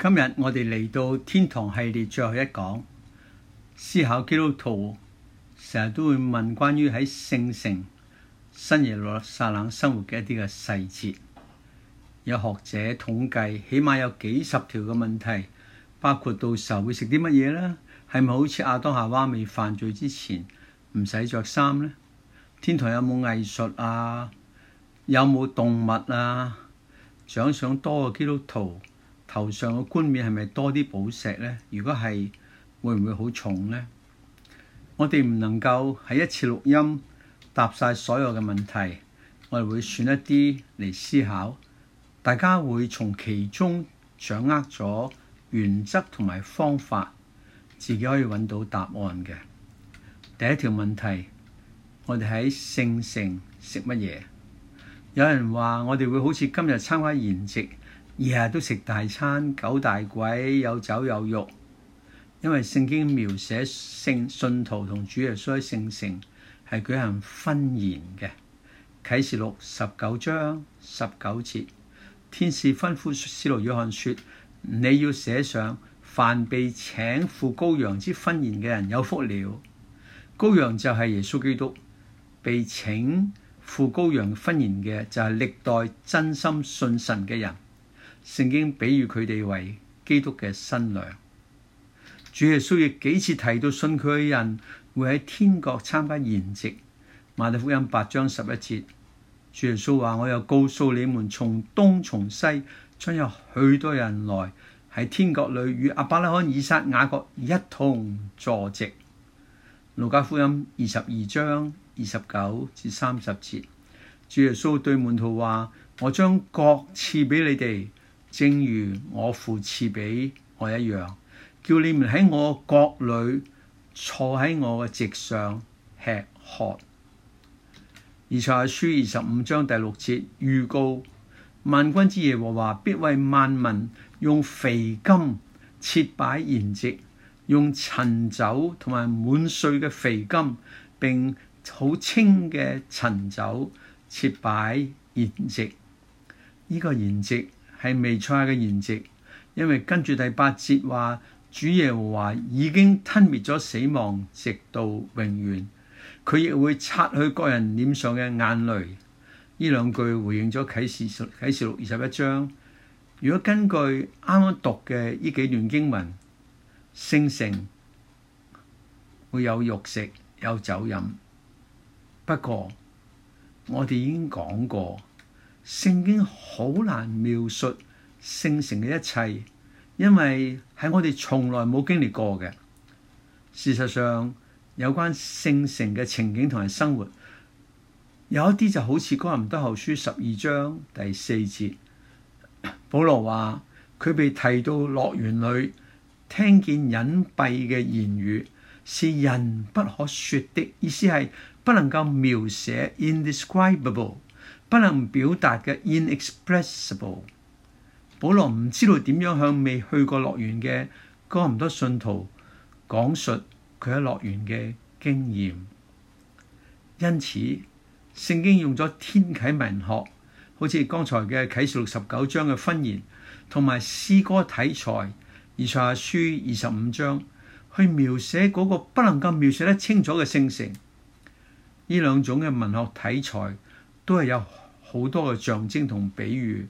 今日我哋嚟到天堂系列最後一講，思考基督徒成日都會問關於喺聖城新耶路撒冷生活嘅一啲嘅細節。有學者統計，起碼有幾十條嘅問題，包括到時候會食啲乜嘢啦？係咪好似亞當夏娃未犯罪之前唔使着衫咧？天堂有冇藝術啊？有冇動物啊？獎賞多嘅基督徒。頭上個冠冕係咪多啲寶石呢？如果係，會唔會好重呢？我哋唔能夠喺一次錄音答晒所有嘅問題，我哋會選一啲嚟思考，大家會從其中掌握咗原則同埋方法，自己可以揾到答案嘅。第一條問題，我哋喺聖城食乜嘢？有人話我哋會好似今日參加筵席。日日都食大餐、九大簋，有酒有肉。因為聖經描寫聖信徒同主耶穌喺聖城係舉行婚宴嘅。啟示錄十九章十九節，天使吩咐使徒約翰說，你要寫上，凡被請赴羔羊之婚宴嘅人有福了。羔羊就係耶穌基督，被請赴羔羊婚宴嘅就係歷代真心信神嘅人。聖經比喻佢哋為基督嘅新娘。主耶穌亦幾次提到信佢嘅人會喺天國參加筵席。馬太福音八章十一節，主耶穌話：「我又告訴你們，從東從西將有許多人來喺天國裏與亞伯拉罕、以撒、雅各一同坐席。」路加福音二十二章二十九至三十節，主耶穌對門徒話：「我將國賜俾你哋。正如我父賜畀我一樣，叫你們喺我國裏坐喺我嘅席上吃喝。而《賽亞書》二十五章第六節預告萬軍之耶和華必為萬民用肥甘設擺筵席，用陳酒同埋滿髓嘅肥甘，並好清嘅陳酒設擺筵席。呢、這個筵席。係未錯嘅筵席，因為跟住第八節話，主耶和華已經吞滅咗死亡，直到永遠，佢亦會擦去各人臉上嘅眼淚。呢兩句回應咗啟示、啟示錄二十一章。如果根據啱啱讀嘅呢幾段經文，星城會有肉食有酒飲，不過我哋已經講過。聖經好難描述聖城嘅一切，因為喺我哋從來冇經歷過嘅。事實上，有關聖城嘅情景同埋生活，有一啲就好似《哥林多後書》十二章第四節，保羅話佢被提到樂園裏，聽見隱蔽嘅言語，是人不可說的，意思係不能夠描寫，indescribable。Ind 不能表達嘅 inexpressible，保羅唔知道點樣向未去過樂園嘅哥林多信徒講述佢喺樂園嘅經驗。因此聖經用咗天啟文學，好似剛才嘅啟示錄十九章嘅婚宴，同埋詩歌體裁，而以賽亞書二十五章去描寫嗰個不能夠描寫得清楚嘅聖城。呢兩種嘅文學體裁都係有好多嘅象徵同比喻，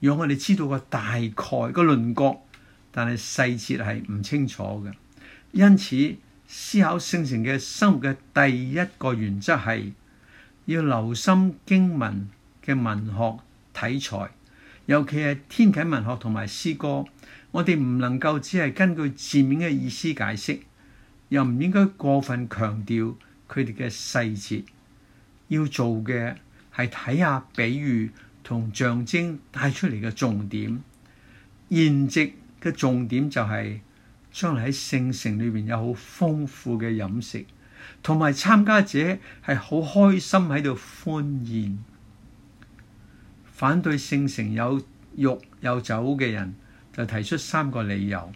讓我哋知道個大概、個輪廓，但係細節係唔清楚嘅。因此，思考聖城嘅生活嘅第一個原則係要留心經文嘅文學體裁，尤其係天啟文學同埋詩歌。我哋唔能夠只係根據字面嘅意思解釋，又唔應該過分強調佢哋嘅細節。要做嘅係睇下比喻同象徵帶出嚟嘅重點，宴席嘅重點就係將嚟喺聖城裏邊有好豐富嘅飲食，同埋參加者係好開心喺度歡宴。反對聖城有肉有酒嘅人就提出三個理由：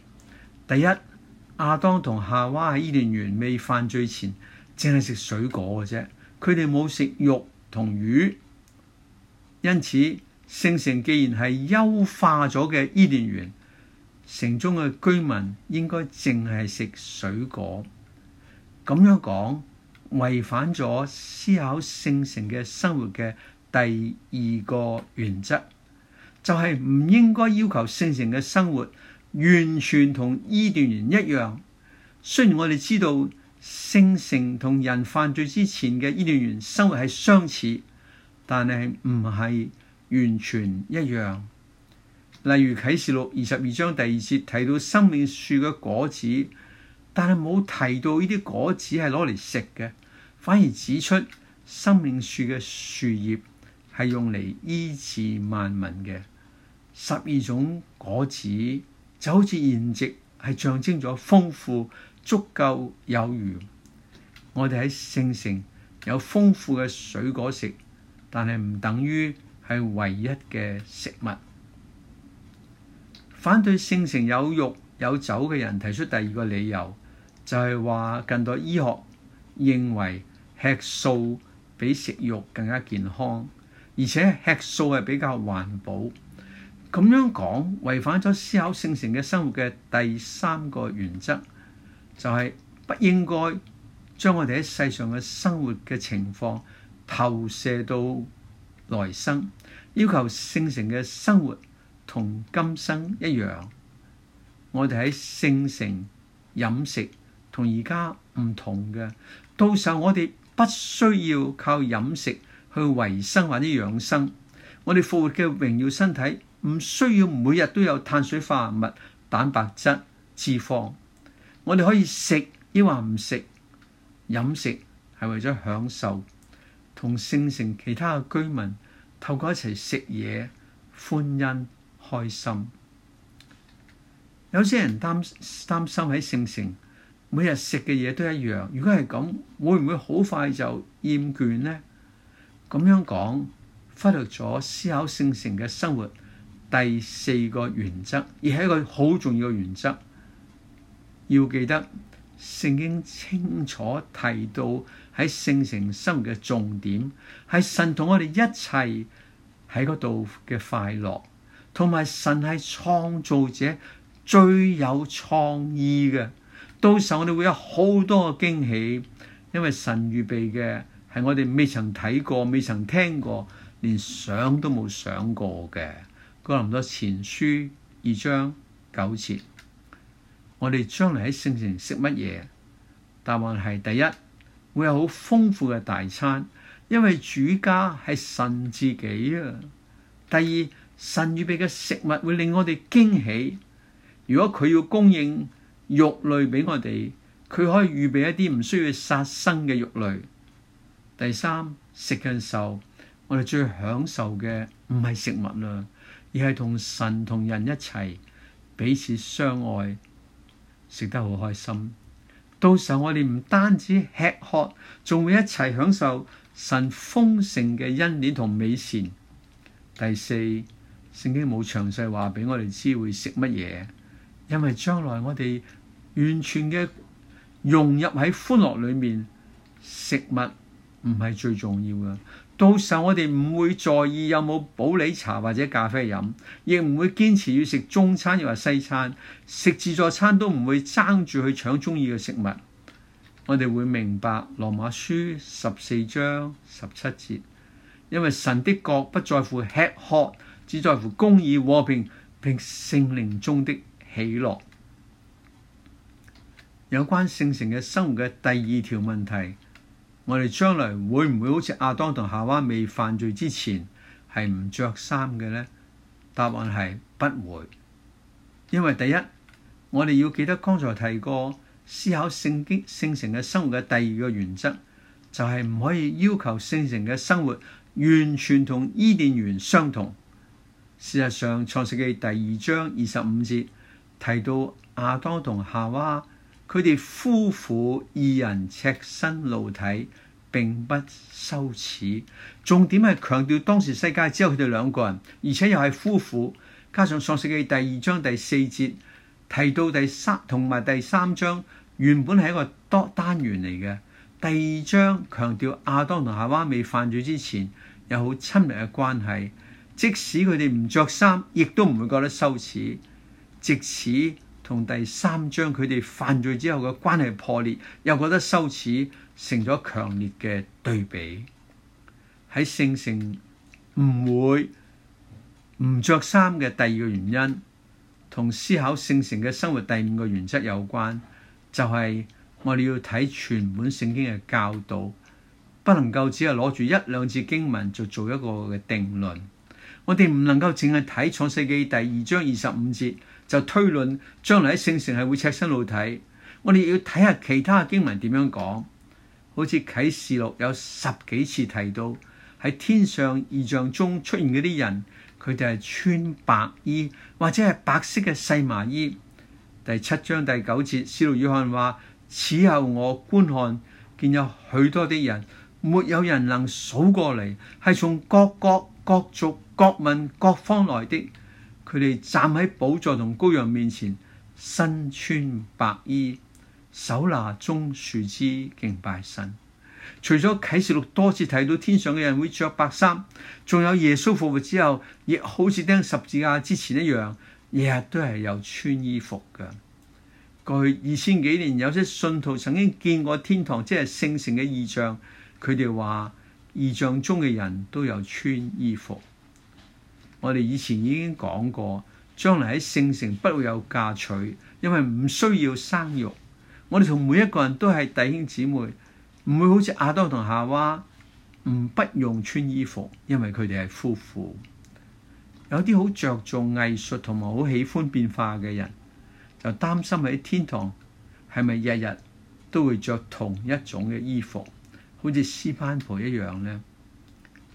第一，亞當同夏娃喺伊甸園未犯罪前，淨係食水果嘅啫，佢哋冇食肉。同魚，因此聖城既然係優化咗嘅伊甸園，城中嘅居民應該淨係食水果。咁樣講，違反咗思考聖城嘅生活嘅第二個原則，就係唔應該要求聖城嘅生活完全同伊甸園一樣。雖然我哋知道，聖城同人犯罪之前嘅伊甸園生活係相似，但係唔係完全一樣。例如《啟示錄》二十二章第二節提到生命樹嘅果子，但係冇提到呢啲果子係攞嚟食嘅，反而指出生命樹嘅樹葉係用嚟醫治萬民嘅。十二種果子就好似現值係象徵咗豐富。足夠有餘，我哋喺聖城有豐富嘅水果食，但係唔等於係唯一嘅食物。反對聖城有肉有酒嘅人提出第二個理由，就係話近代醫學認為吃素比食肉更加健康，而且吃素係比較環保。咁樣講違反咗思考聖城嘅生活嘅第三個原則。就係不應該將我哋喺世上嘅生活嘅情況投射到來生，要求聖城嘅生活同今生一樣。我哋喺聖城飲食同而家唔同嘅，到時候我哋不需要靠飲食去維生或者養生。我哋復活嘅榮耀身體唔需要每日都有碳水化合物、蛋白質、脂肪。我哋可以食，抑或唔食，飲食係為咗享受同聖城其他嘅居民透過一齊食嘢，歡欣開心。有些人擔擔心喺聖城每日食嘅嘢都一樣，如果係咁，會唔會好快就厭倦呢？咁樣講，忽略咗思考聖城嘅生活第四個原則，而係一個好重要嘅原則。要記得聖經清楚提到，喺聖城生活嘅重點係神同我哋一齊喺嗰度嘅快樂，同埋神係創造者，最有創意嘅。到時候我哋會有好多嘅驚喜，因為神預備嘅係我哋未曾睇過、未曾聽過、連想都冇想過嘅。哥林多前書二章九節。我哋將來喺聖城食乜嘢？答案係第一，會有好豐富嘅大餐，因為主家係神自己啊。第二，神預備嘅食物會令我哋驚喜。如果佢要供應肉類俾我哋，佢可以預備一啲唔需要殺生嘅肉類。第三，食嘅時候，我哋最享受嘅唔係食物啦，而係同神同人一齊彼此相愛。食得好開心，到時候我哋唔單止吃喝，仲會一齊享受神豐盛嘅恩典同美善。第四，聖經冇詳細話俾我哋知會食乜嘢，因為將來我哋完全嘅融入喺歡樂裏面，食物唔係最重要㗎。到時候我哋唔會在意有冇普洱茶或者咖啡飲，亦唔會堅持要食中餐又話西餐，食自助餐都唔會爭住去搶中意嘅食物。我哋會明白羅馬書十四章十七節，因為神的國不在乎吃喝，只在乎公義和平，並聖靈中的喜樂。有關聖城嘅生活嘅第二條問題。我哋將來會唔會好似亞當同夏娃未犯罪之前係唔着衫嘅呢？答案係不會，因為第一，我哋要記得剛才提過思考聖經聖城嘅生活嘅第二個原則，就係唔可以要求聖城嘅生活完全同伊甸園相同。事實上，《創世記》第二章二十五節提到亞當同夏娃。佢哋夫婦二人赤身露體，並不羞恥。重點係強調當時世界只有佢哋兩個人，而且又係夫婦。加上《創世記》第二章第四節提到第三，同埋第三章原本係一個多單元嚟嘅。第二章強調亞當同夏娃未犯罪之前有好親密嘅關係，即使佢哋唔着衫，亦都唔會覺得羞恥。直至同第三章佢哋犯罪之後嘅關係破裂，又覺得羞恥，成咗強烈嘅對比。喺聖城唔會唔着衫嘅第二個原因，同思考聖城嘅生活第五個原則有關，就係我哋要睇全本聖經嘅教導，不能夠只係攞住一兩節經文就做一個嘅定論，我哋唔能夠淨係睇創世記第二章二十五節。就推論將來喺聖城係會赤身露體，我哋要睇下其他經文點樣講。好似啟示錄有十幾次提到喺天上異象中出現嗰啲人，佢哋係穿白衣或者係白色嘅細麻衣。第七章第九節，使徒約翰話：此後我觀看，見有許多啲人，沒有人能數過嚟，係從各國各族各民各方來的。佢哋站喺寶座同羔羊面前，身穿白衣，手拿棕樹枝敬拜神。除咗啟示錄多次睇到天上嘅人會着白衫，仲有耶穌復活之後，亦好似釘十字架之前一樣，日日都係有穿衣服嘅。過去二千幾年，有些信徒曾經見過天堂，即係聖城嘅異象，佢哋話異象中嘅人都有穿衣服。我哋以前已經講過，將來喺聖城不會有嫁娶，因為唔需要生育。我哋同每一個人都係弟兄姊妹，唔會好似亞當同夏娃，唔不，不用穿衣服，因為佢哋係夫婦。有啲好着重藝術同埋好喜歡變化嘅人，就擔心喺天堂係咪日日都會着同一種嘅衣服，好似斯潘婆一樣呢？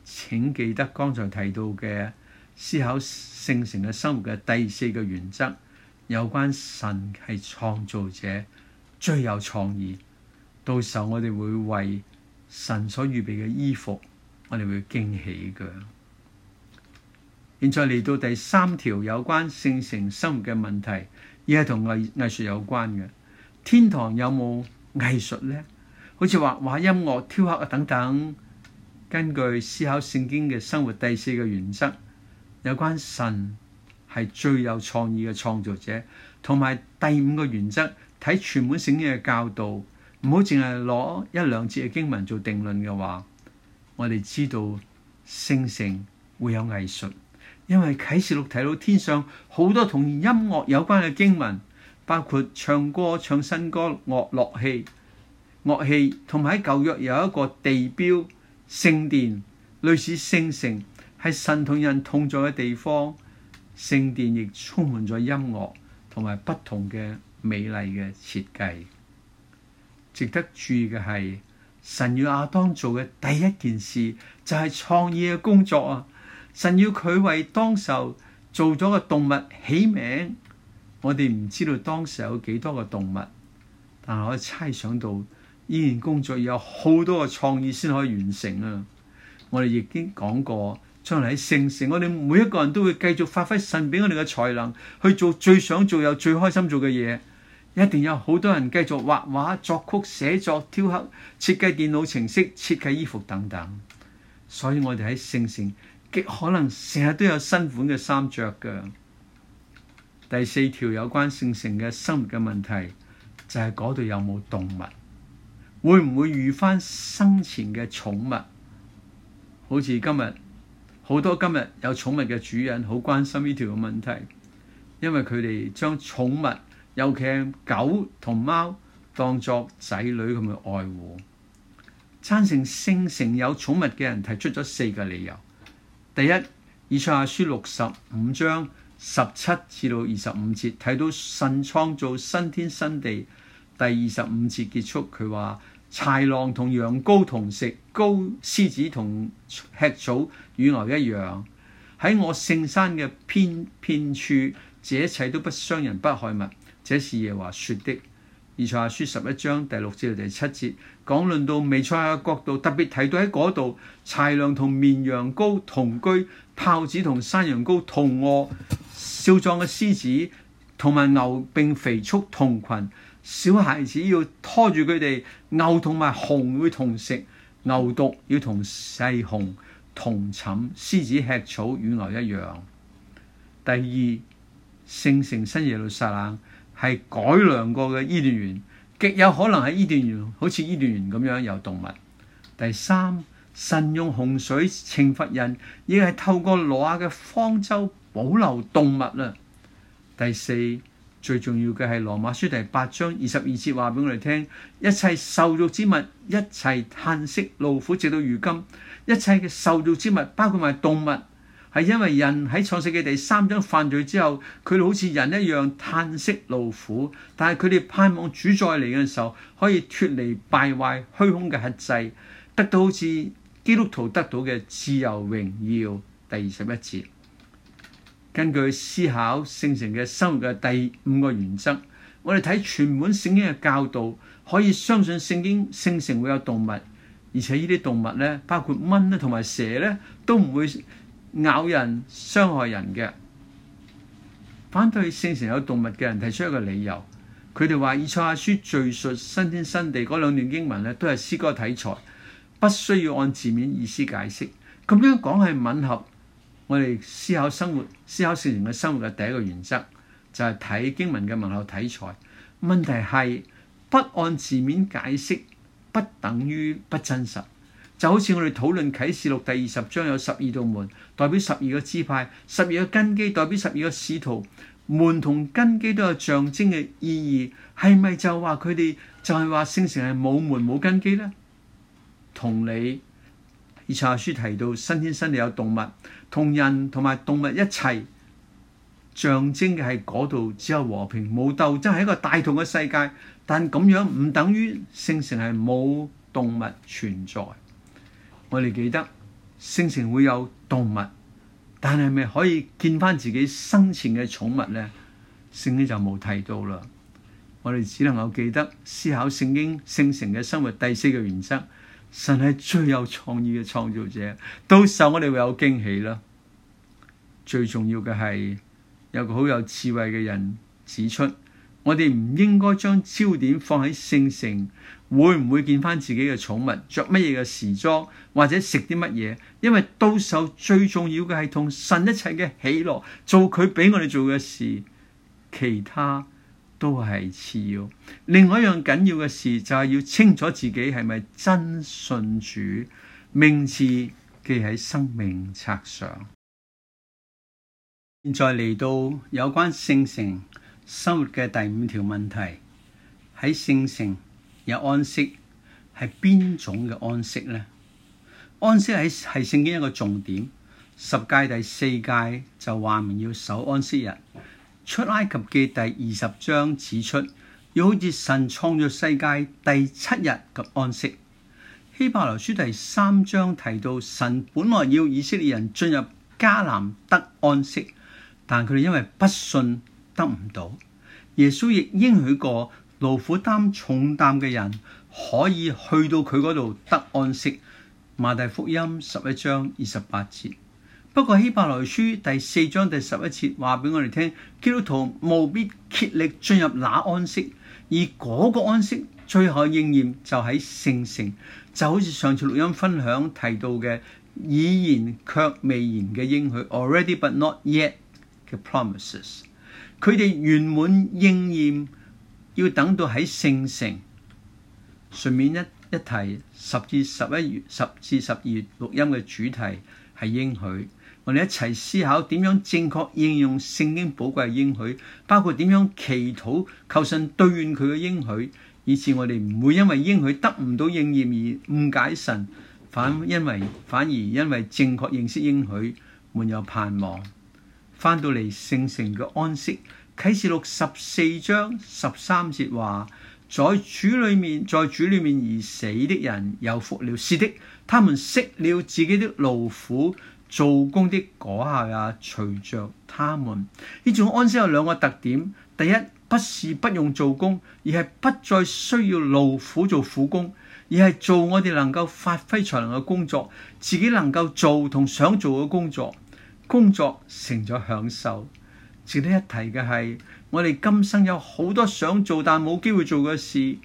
請記得剛才提到嘅。思考聖城嘅生活嘅第四個原則，有關神係創造者，最有創意。到時候我哋會為神所預備嘅衣服，我哋會驚喜㗎。現在嚟到第三條有關聖城生活嘅問題，亦係同藝藝術有關嘅。天堂有冇藝術呢？好似畫畫、音樂、雕刻啊等等。根據思考聖經嘅生活第四個原則。有關神係最有創意嘅創作者，同埋第五個原則，睇全本聖經嘅教導，唔好淨係攞一兩節嘅經文做定論嘅話，我哋知道聖城會有藝術，因為啟示錄睇到天上好多同音樂有關嘅經文，包括唱歌、唱新歌、樂樂器、樂器，同埋喺舊約有一個地標聖殿，類似聖城。喺神同人同在嘅地方，聖殿亦充滿咗音樂同埋不同嘅美麗嘅設計。值得注意嘅係，神與亞當做嘅第一件事就係創意嘅工作啊！神要佢為當時做咗嘅動物起名。我哋唔知道當時有幾多個動物，但係我猜想到，依然工作有好多嘅創意先可以完成啊！我哋已經講過。將來喺聖城，我哋每一個人都會繼續發揮神俾我哋嘅才能，去做最想做又最開心做嘅嘢。一定有好多人繼續畫畫、作曲、寫作、雕刻、設計電腦程式、設計衣服等等。所以我哋喺聖城，極可能成日都有新款嘅衫着嘅。第四條有關聖城嘅生活嘅問題，就係嗰度有冇動物？會唔會遇翻生前嘅寵物？好似今日。好多今日有寵物嘅主人好關心呢條嘅問題，因為佢哋將寵物，尤其係狗同貓，當作仔女咁去愛護。贊成性城有寵物嘅人提出咗四個理由。第一，以賽亞書六十五章十七至到二十五節，睇到神創造新天新地，第二十五節結束，佢話。豺狼同羊羔同食，高獅子同吃草，與牛一樣，喺我聖山嘅偏偏處，這一切都不傷人不害物，這是耶和華說的。以賽亞書十一章第六至第七節講論到彌賽亞嘅國度，特別提到喺嗰度，豺狼同綿羊羔同居，豹子同山羊羔同卧，少壯嘅獅子同埋牛並肥畜同群。小孩子要拖住佢哋，牛同埋熊會同食，牛犢要細，要同細熊同寢。獅子吃草與牛一樣。第二，聖城新耶路撒冷係改良過嘅伊甸園，極有可能係伊甸園，好似伊甸園咁樣有動物。第三，神用洪水懲罰人，亦係透過挪亞嘅方舟保留動物啦。第四。最重要嘅係《羅馬書》第八章二十二節話俾我哋聽：一切受辱之物，一切嘆息、勞苦，直到如今。一切嘅受辱之物，包括埋動物，係因為人喺創世嘅第三章犯罪之後，佢哋好似人一樣嘆息勞苦。但係佢哋盼望主再嚟嘅時候，可以脫離敗壞虛空嘅轄制，得到好似基督徒得到嘅自由榮耀。第二十一節。根據思考聖城嘅生活嘅第五個原則，我哋睇全本聖經嘅教導，可以相信聖經聖城會有動物，而且呢啲動物咧，包括蚊咧同埋蛇咧，都唔會咬人、傷害人嘅。反對聖城有動物嘅人提出一個理由，佢哋話以賽亞書敘述新天新地嗰兩段經文咧，都係詩歌體裁，不需要按字面意思解釋，咁樣講係吻合。我哋思考生活、思考聖城嘅生活嘅第一個原則就係、是，睇經文嘅文學體裁。問題，係不按字面解釋，不等於不真實。就好似我哋討論啟示錄第二十章有十二道門，代表十二個支派，十二個根基代表十二個使徒。門同根基都有象徵嘅意義，係咪就話佢哋就係話聖城係冇門冇根基咧？同你。而查書提到，新天新地有動物，同人同埋動物一齊象徵嘅係嗰度只有和平，冇鬥爭，係一個大同嘅世界。但咁樣唔等於聖城係冇動物存在。我哋記得聖城會有動物，但係咪可以見返自己生前嘅寵物呢？聖經就冇提到啦。我哋只能夠記得思考聖經聖城嘅生活第四個原則。神係最有創意嘅創造者，到時候我哋會有驚喜囉。最重要嘅係有個好有智慧嘅人指出，我哋唔應該將焦點放喺聖城會唔會見返自己嘅寵物，着乜嘢嘅時裝或者食啲乜嘢，因為到時候最重要嘅係同神一齊嘅喜樂，做佢畀我哋做嘅事，其他。都係次要，另外一樣緊要嘅事就係、是、要清楚自己係咪真信主，名字記喺生命冊上。現在嚟到有關聖城生活嘅第五條問題，喺聖城有安息係邊種嘅安息呢？安息喺係聖經一個重點，十誡第四誡就話唔要守安息日。出埃及記第二十章指出，要好似神創造世界第七日咁安息。希伯來書第三章提到，神本來要以色列人進入迦南得安息，但佢哋因為不信得唔到。耶穌亦應許過，勞苦擔重擔嘅人可以去到佢嗰度得安息。馬太福音十一章二十八節。不過希伯來書第四章第十一節話俾我哋聽，基督徒務必竭力進入那安息，而嗰個安息最後應驗就喺聖城，就好似上次錄音分享提到嘅已然卻未然嘅應許 （already but not yet） 嘅 promises，佢哋完滿應驗要等到喺聖城。順便一一提十至十一月、十至十二月錄音嘅主題係應許。我哋一齊思考點樣正確應用聖經寶貴嘅應許，包括點樣祈禱求神兌現佢嘅應許，以至我哋唔會因為應許得唔到應驗而誤解神，反因為反而因為正確認識應許，沒有盼望。翻到嚟聖城嘅安息，啟示錄十四章十三節話：在主裡面，在主裡面而死的人有福了，是的，他們識了自己的勞苦。做工的果效啊，隨着他們呢種安息有兩個特點：第一，不是不用做工，而係不再需要勞苦做苦工，而係做我哋能夠發揮才能嘅工作，自己能夠做同想做嘅工作，工作成咗享受。值得一提嘅係，我哋今生有好多想做但冇機會做嘅事，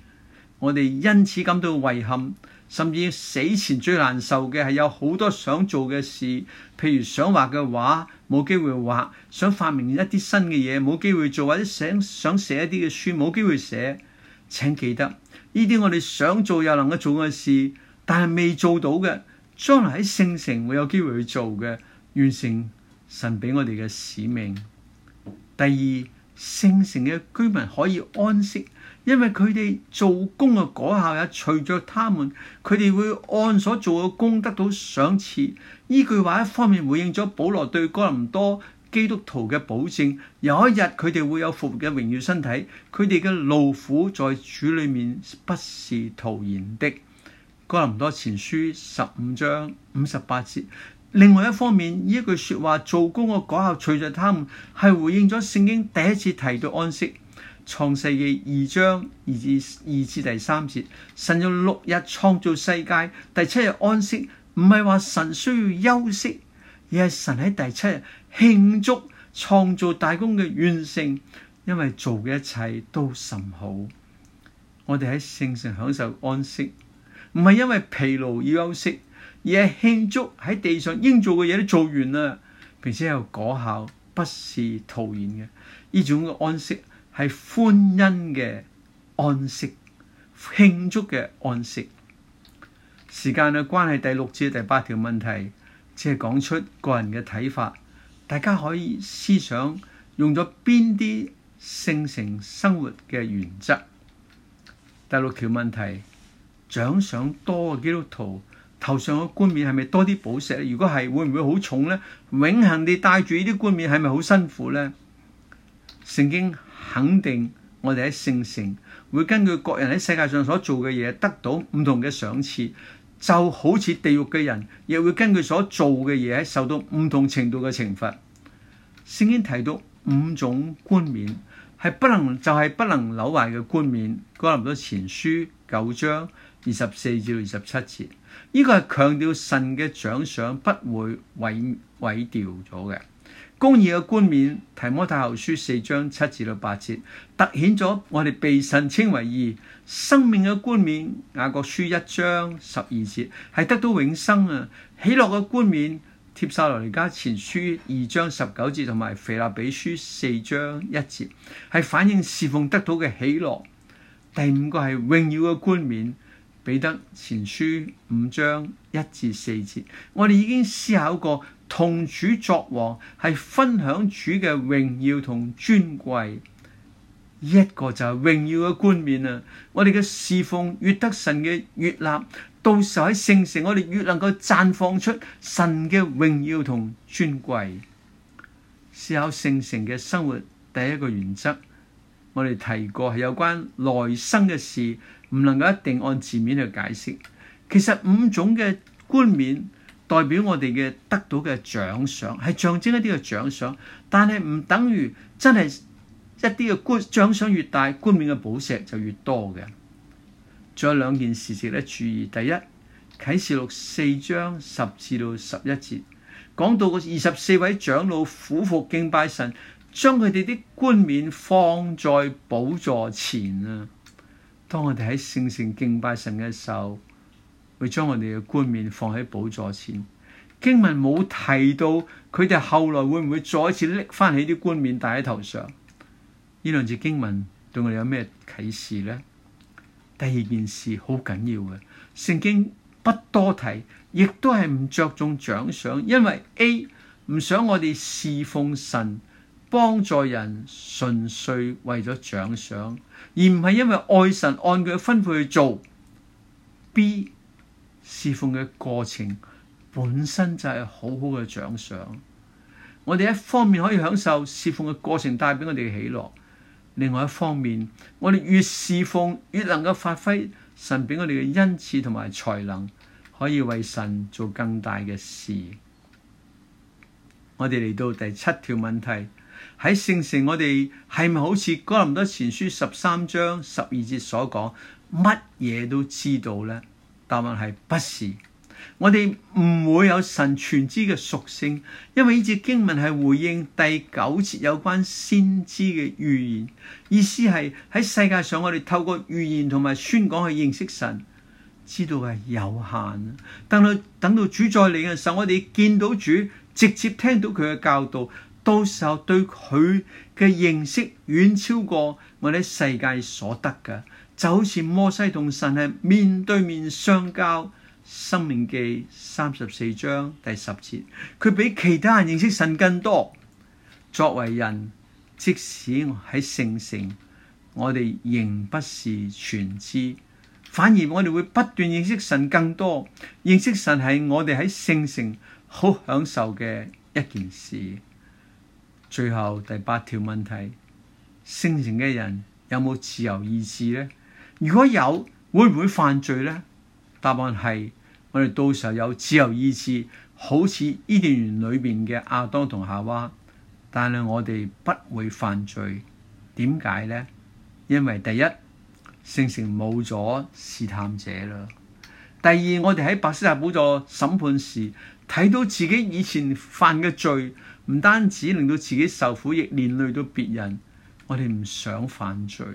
我哋因此感到遺憾。甚至死前最難受嘅係有好多想做嘅事，譬如想畫嘅畫，冇機會畫，想發明一啲新嘅嘢，冇機會做，或者想想寫一啲嘅書，冇機會寫。請記得呢啲我哋想做又能夠做嘅事，但係未做到嘅，將來喺聖城會有機會去做嘅，完成神俾我哋嘅使命。第二，聖城嘅居民可以安息。因為佢哋做工嘅果效也隨著他們，佢哋會按所做嘅工得到賞賜。呢句話一方面回應咗保羅對哥林多基督徒嘅保證，有一日佢哋會有復活嘅榮耀身體。佢哋嘅勞苦在主裏面不是徒然的。哥林多前書十五章五十八節。另外一方面，呢句說話做工嘅果效隨着他們，係回應咗聖經第一次提到安息。創世記二章二至二至第三節，神用六日創造世界，第七日安息。唔係話神需要休息，而係神喺第七日慶祝創造大功嘅完成，因為做嘅一切都甚好。我哋喺聖城享受安息，唔係因為疲勞要休息，而係慶祝喺地上應做嘅嘢都做完啦，並且有果效，不是徒然嘅。呢種嘅安息。係歡欣嘅安息，慶祝嘅安息。時間嘅關係，第六至第八條問題，只係講出個人嘅睇法。大家可以思想用咗邊啲聖城生活嘅原則。第六條問題，獎賞多嘅基督徒頭上嘅冠冕係咪多啲寶石咧？如果係，會唔會好重咧？永恆地帶住呢啲冠冕係咪好辛苦咧？聖經。肯定我哋喺聖城會根據各人喺世界上所做嘅嘢得到唔同嘅賞賜，就好似地獄嘅人亦會根據所做嘅嘢受到唔同程度嘅懲罰。聖經提到五種冠冕，係不能就係、是、不能扭壞嘅冠冕。哥林多前書九章二十四至二十七節，呢、這個係強調神嘅獎賞不會毀毀掉咗嘅。公義嘅冠冕，提摩太後書四章七至到八節，突顯咗我哋被神稱為義；生命嘅冠冕，雅各書一章十二節，係得到永生啊！喜樂嘅冠冕，帖撒羅尼加前書二章十九節同埋腓立比書四章一節，係反映侍奉得到嘅喜樂。第五個係榮耀嘅冠冕，彼得前書五章一至四節，我哋已經思考過。同主作王係分享主嘅榮耀同尊貴，一個就係榮耀嘅冠冕啊！我哋嘅侍奉越得神嘅越立，到時候喺聖城我哋越能夠綻放出神嘅榮耀同尊貴。思考聖城嘅生活，第一個原則，我哋提過係有關來生嘅事，唔能夠一定按字面去解釋。其實五種嘅冠冕，代表我哋嘅得到嘅獎賞，係象徵一啲嘅獎賞，但係唔等於真係一啲嘅冠，獎賞越大，冠冕嘅寶石就越多嘅。仲有兩件事情咧，注意：第一，《啟示錄》四章十至到十一節，講到二十四位長老俯伏敬拜神，將佢哋啲冠冕放在寶座前啊！當我哋喺聖城敬拜神嘅時候。會將我哋嘅冠冕放喺寶座前，經文冇提到佢哋後來會唔會再一次拎翻起啲冠冕戴喺頭上？呢兩字經文對我哋有咩啟示咧？第二件事好緊要嘅，聖經不多提，亦都係唔着重獎賞，因為 A 唔想我哋侍奉神幫助人，純粹為咗獎賞，而唔係因為愛神按佢嘅分配去做。B 侍奉嘅過程本身就係好好嘅獎賞。我哋一方面可以享受侍奉嘅過程帶畀我哋嘅喜樂；另外一方面，我哋越侍奉越能夠發揮神俾我哋嘅恩賜同埋才能，可以為神做更大嘅事。我哋嚟到第七條問題：喺聖城我，我哋係咪好似《哥林多前書》十三章十二節所講，乜嘢都知道咧？答案係不是，我哋唔會有神全知嘅屬性，因為呢節經文係回應第九節有關先知嘅預言，意思係喺世界上我哋透過預言同埋宣講去認識神，知道係有限。等到等到主再嚟嘅時候，我哋見到主，直接聽到佢嘅教導，到時候對佢嘅認識遠超過我哋世界所得嘅。就好似摩西同神係面對面相交，申命記三十四章第十節，佢比其他人認識神更多。作為人，即使喺聖城，我哋仍不是全知，反而我哋會不斷認識神更多。認識神係我哋喺聖城好享受嘅一件事。最後第八條問題：聖城嘅人有冇自由意志呢？如果有，會唔會犯罪呢？答案係我哋到時候有自由意志，好似伊甸園裏邊嘅亞當同夏娃，但係我哋不會犯罪。點解呢？因為第一，聖城冇咗試探者啦。第二，我哋喺白色大寶座審判時，睇到自己以前犯嘅罪，唔單止令到自己受苦，亦連累到別人。我哋唔想犯罪。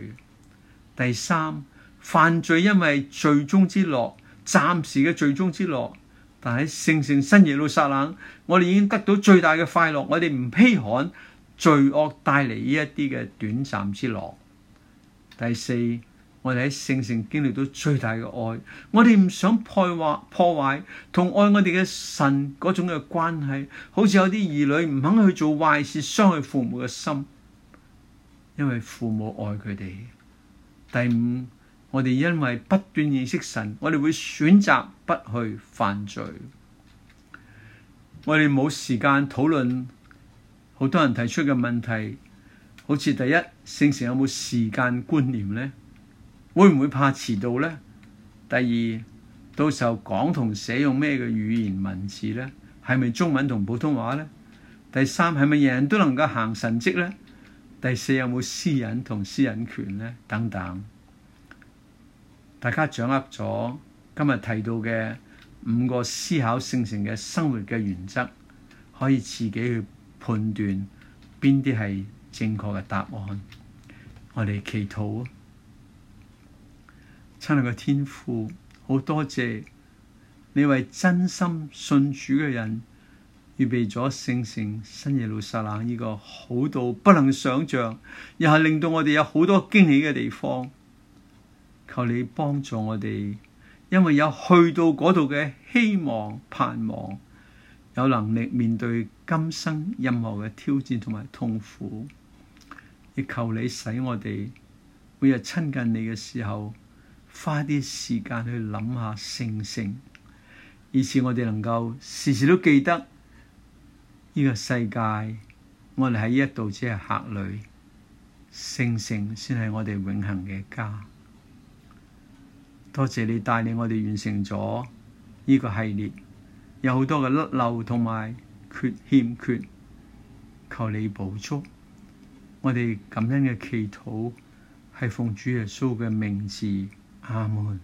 第三。犯罪因為罪中之樂，暫時嘅罪中之樂，但喺聖城新耶路撒冷，我哋已經得到最大嘅快樂，我哋唔稀罕罪惡帶嚟呢一啲嘅短暫之樂。第四，我哋喺聖城經歷到最大嘅愛，我哋唔想破壞破壞同愛我哋嘅神嗰種嘅關係，好似有啲兒女唔肯去做壞事傷害父母嘅心，因為父母愛佢哋。第五。我哋因為不斷認識神，我哋會選擇不去犯罪。我哋冇時間討論好多人提出嘅問題，好似第一，聖城有冇時間觀念咧？會唔會怕遲到咧？第二，到時候講同寫用咩嘅語言文字咧？係咪中文同普通話咧？第三，係咪人人都能夠行神蹟咧？第四，有冇私隱同私隱權咧？等等。大家掌握咗今日提到嘅五個思考聖城嘅生活嘅原則，可以自己去判斷邊啲係正確嘅答案。我哋祈禱，啊，親愛嘅天父，好多謝你為真心信主嘅人預備咗聖城新耶路撒冷呢個好到不能想象，又係令到我哋有好多驚喜嘅地方。求你幫助我哋，因為有去到嗰度嘅希望、盼望，有能力面對今生任何嘅挑戰同埋痛苦。亦求你使我哋每日親近你嘅時候，花啲時間去諗下聖城，以此我哋能夠時時都記得呢個世界，我哋喺呢一度只係客旅，聖城先係我哋永恆嘅家。多謝你帶領我哋完成咗呢個系列，有好多嘅甩漏同埋缺欠缺，求你補足。我哋咁樣嘅祈禱係奉主耶穌嘅名字，阿門。